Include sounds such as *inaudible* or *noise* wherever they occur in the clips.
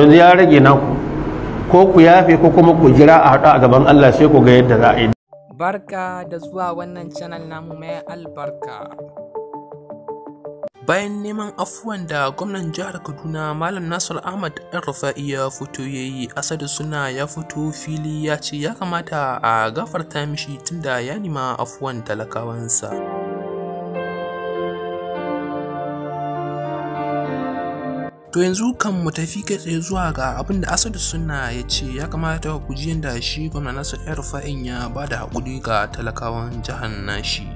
yanzu ya rage ku ko ku yafe ko kuma ku jira a haɗu a gaban Allah sai ku ga yadda za a yi barka da zuwa wannan channel namu mai albarka bayan neman afuwan da gwamnan jihar kaduna malam nasir ahmad ɗan rufa'i ya fito ya yi asadu suna ya fito fili ya ce ya kamata a gafarta mishi tunda ya nima afuwan talakawansa To yanzu kan mu tafi kai tsaye zuwa ga abin da Asadu suna ya ce ya kamata ku ji yadda shi gwamna 'yar fa'in ya ba da haƙuri ga talakawan jihar nashi.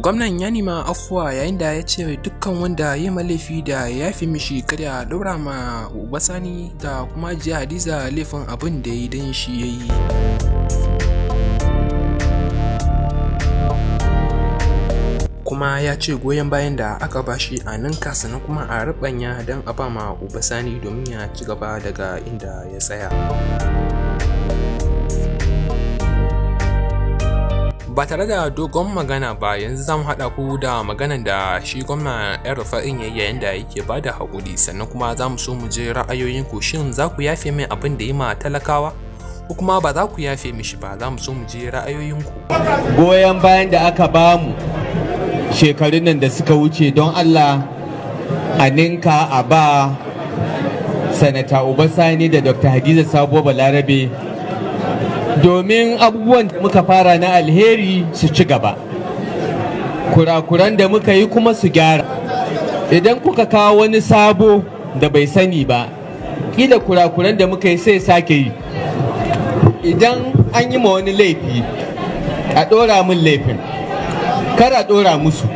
gwamnan ya nima afuwa yayin da ya ce dukkan wanda ya malafi da ya fi mishi kada daura ma basani da kuma jiya hadiza laifin abin da ya yi don shi ya yi kuma ya ce goyon bayan da aka bashi a ninka sannan kuma a rubanya don a ba ma Sani domin ya ci gaba daga inda ya tsaya. ba tare da dogon magana ba yanzu zamu haɗa ku da maganan da shi gwamna yan rufa'in ya yayin da yake ba da haƙuri sannan kuma za mu so mu je ra'ayoyin ku shin za ku yafe min abin da yi ma talakawa ko kuma ba za ku yafe mishi ba za mu so mu je ra'ayoyin ku goyon bayan da aka bamu shekarun nan da suka wuce don allah a ninka a ba sanata Sani da dr hadiza sabuwa balarabe domin abubuwan da muka fara na alheri su ci gaba kurakuran da muka yi kuma su gyara idan kuka kawo wani sabo da bai sani ba kila kurakuran da muka yi sai sake yi idan an yi ma wani laifi a ɗora min laifin kada dora musu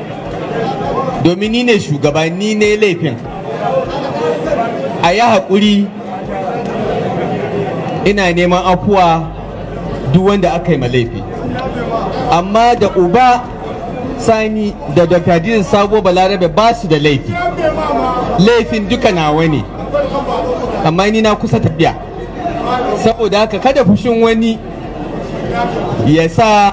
domin ni ne shugaba ni ne laifin a yi haƙuri ina neman afuwa duk wanda aka yi ma laifi amma da uba sani da dr sabo balarabe ba su da laifi laifin duka nawa ne amma ni na kusa tafiya saboda haka kada fushin wani ya sa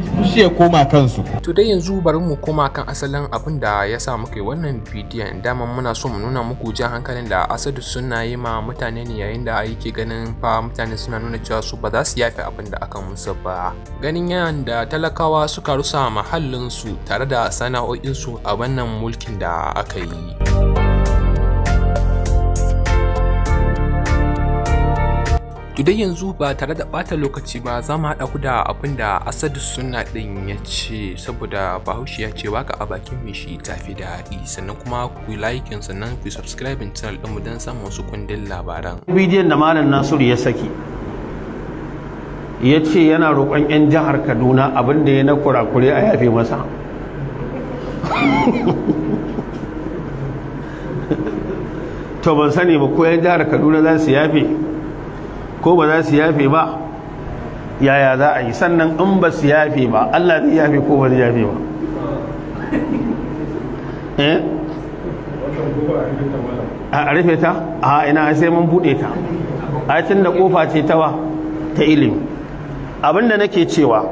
fushi ya koma kansu. To dai yanzu bari mu koma kan asalin abin da ya sa muke wannan bidiyon dama muna so mu nuna muku jan hankalin da Asadu suna yi ma mutane ne yayin da yake ganin fa mutane suna nuna cewa su ba za su yafe abin da aka musu ba. Ganin yayin da talakawa suka rusa mahallin su tare da sana'o'insu a wannan mulkin da aka yi. tudai yanzu ba tare da bata lokaci ba za mu haɗa ku da abin da asadu suna ɗin ya ce saboda bahaushe ya ce waka a bakin mai shi ta fi daɗi sannan kuma ku yi sannan ku subscribe channel ɗinmu don samun wasu kundin labaran. bidiyon da malam nasiru ya saki ya ce yana roƙon 'yan jihar kaduna abin da ya na kurakure a yafe masa *laughs* to ban sani ba ko 'yan jihar kaduna za su yafe ko ba za su yafe ba yaya za a yi sannan in ba su yafe ba Allah zai yafe ko ba zai yafe ba eh a rufe ta a ina sai mun bude ta a tun da kofa ce ta ta ilimi abinda nake cewa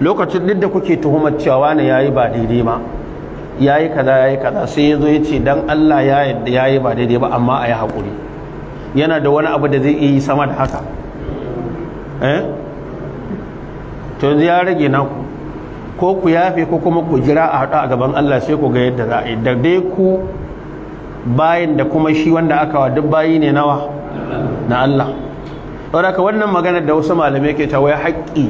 lokacin duk da kuke tuhumar cewa ne yayi ba daidai ba yayi kaza yayi kaza sai yazo yace dan Allah ya yi yayi ba daidai ba amma a yi hakuri yana da wani abu da zai yi sama da haka eh to yanzu ya rage naku ko ku yafe ko kuma ku jira a haɗu a gaban Allah sai ku ga yadda za a yi da dai ku bayan da kuma shi wanda aka wa duk bayi ne nawa na Allah ɗauraka wannan maganar da wasu malamai ke ta waya haƙƙi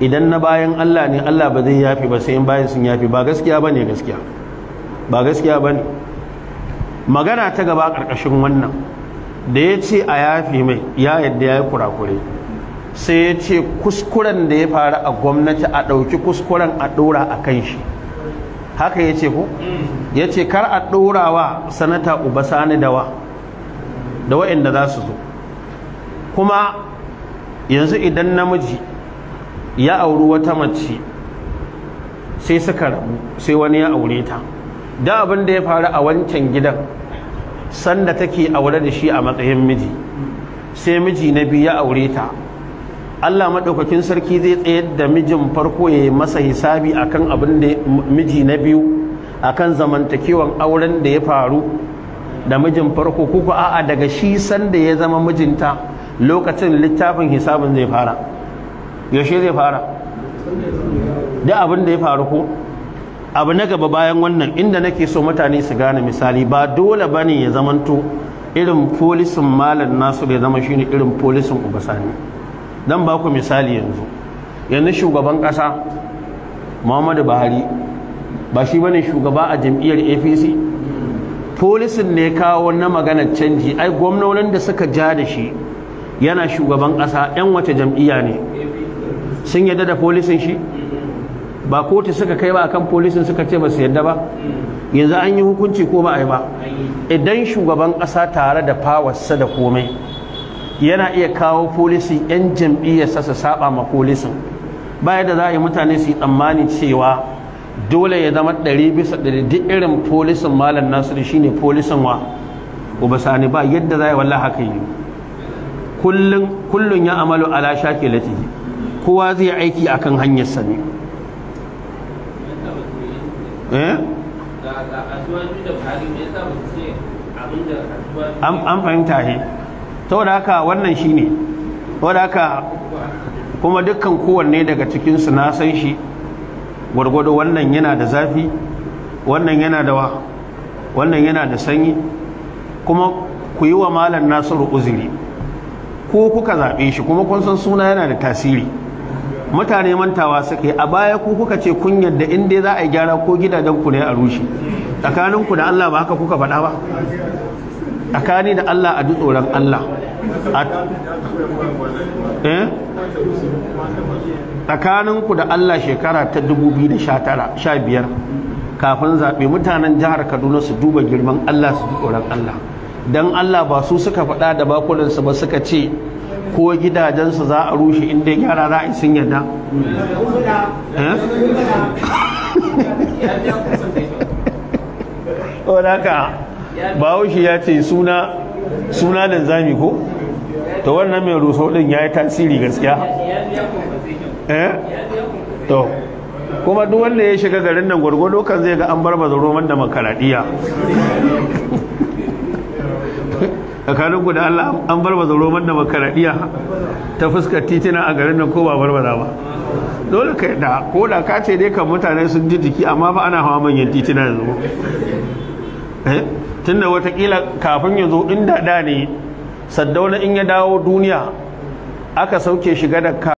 idan na bayan Allah ne Allah ba zai yafi ba sai in bayan sun yafi ba gaskiya ba ne gaskiya ba gaskiya ba ne. magana ta gaba ƙarƙashin wannan da ya ce a yafi mai ya yadda ya yi kurakure sai ya ce kuskuren da ya faru a gwamnati a ɗauki kuskuren a ɗora a kan shi haka ya ce ko ya ce kar a ɗora wa sanata uba sani dawa da wa'inda za su zo kuma yanzu idan namiji ya auri wata mace sai suka rabu sai wani ya aure ta da abin da ya faru a wancan gidan sanda take aure da shi a matsayin miji sai miji na biyu ya aure ta Allah madaukakin sarki zai tsayar da mijin farko ya masa hisabi akan abin da miji na biyu akan zamantakewan auren da ya faru da mijin farko kuka a'a daga shi sanda ya zama mijinta lokacin littafin hisabin zai fara yaushe zai fara da abin da ya faru ko abu na gaba bayan wannan inda nake so mutane su gane misali ba dole bane ya zamanto irin folisin malam nasu da zama shine irin folisin ubasani dan ba ku misali yanzu yanzu shugaban kasa Muhammadu Buhari ba shi bane shugaba a jam'iyyar APC folisin ne kawo na maganar canji ai gwamnonin da suka ja da shi yana shugaban kasa yan wace jam'iyya ne sun yadda da folisin shi ba kotu suka kai ba akan polisin suka ce ba su yadda ba yanzu an yi hukunci ko ba a yi ba idan shugaban ƙasa tare da fawarsa da komai yana iya kawo polisin 'yan jam'iyyarsa su saba ma polisin baya da za a yi mutane su yi tsammani cewa dole ya zama ɗari bisa ɗari duk irin polisin malam nasiru shine polisin wa ubasani ba yadda za a yi wallah haka yi kullum ya amalu ala shakilatihi kowa zai aiki akan hanyar sani Eh? an fahimta shi ta wadda haka wannan shi ne wadda haka kuma dukkan kowanne daga cikinsu na san shi gwargwado wannan yana da zafi wannan yana da wa wannan yana da sanyi kuma ku yi wa malam nasiru uzuri ko kuka zaɓe shi kuma kun san suna yana da tasiri mutane mantawa suka yi a baya ku kuka ce kun yadda in dai za a yi gyara ko gidajen ku ne a rushe tsakanin ku da Allah ba haka kuka faɗa ba tsakani da Allah a ji tsoron Allah eh? tsakanin ku da Allah shekara ta 2015 kafin zaɓe mutanen jihar Kaduna su duba girman Allah su ji tsoron Allah don Allah ba su suka faɗa da bakulansu ba suka ce ko gidajensu za a rushe inda ya gyara ra'ayi sun yadda wadaka eh? *laughs* bahaushe ya ce suna suna da zami ko to wannan mai rusau ɗin ya yi tasiri gaskiya eh? to kuma duk wanda ya shiga garin nan gwargwado kan zai ga an bar roman da makaradiya *laughs* tsakanin da Allah an barbaza roman da makaradiya ta fuskar titina a garin nan ko ba barbaza ba dole ka da ko da ka ce dai kan mutane sun ji jiki amma ba ana hawa manyan titina yanzu eh, tunda watakila kafin ya zo inda da ne saddauna in ya dawo duniya aka sauke shiga da ka.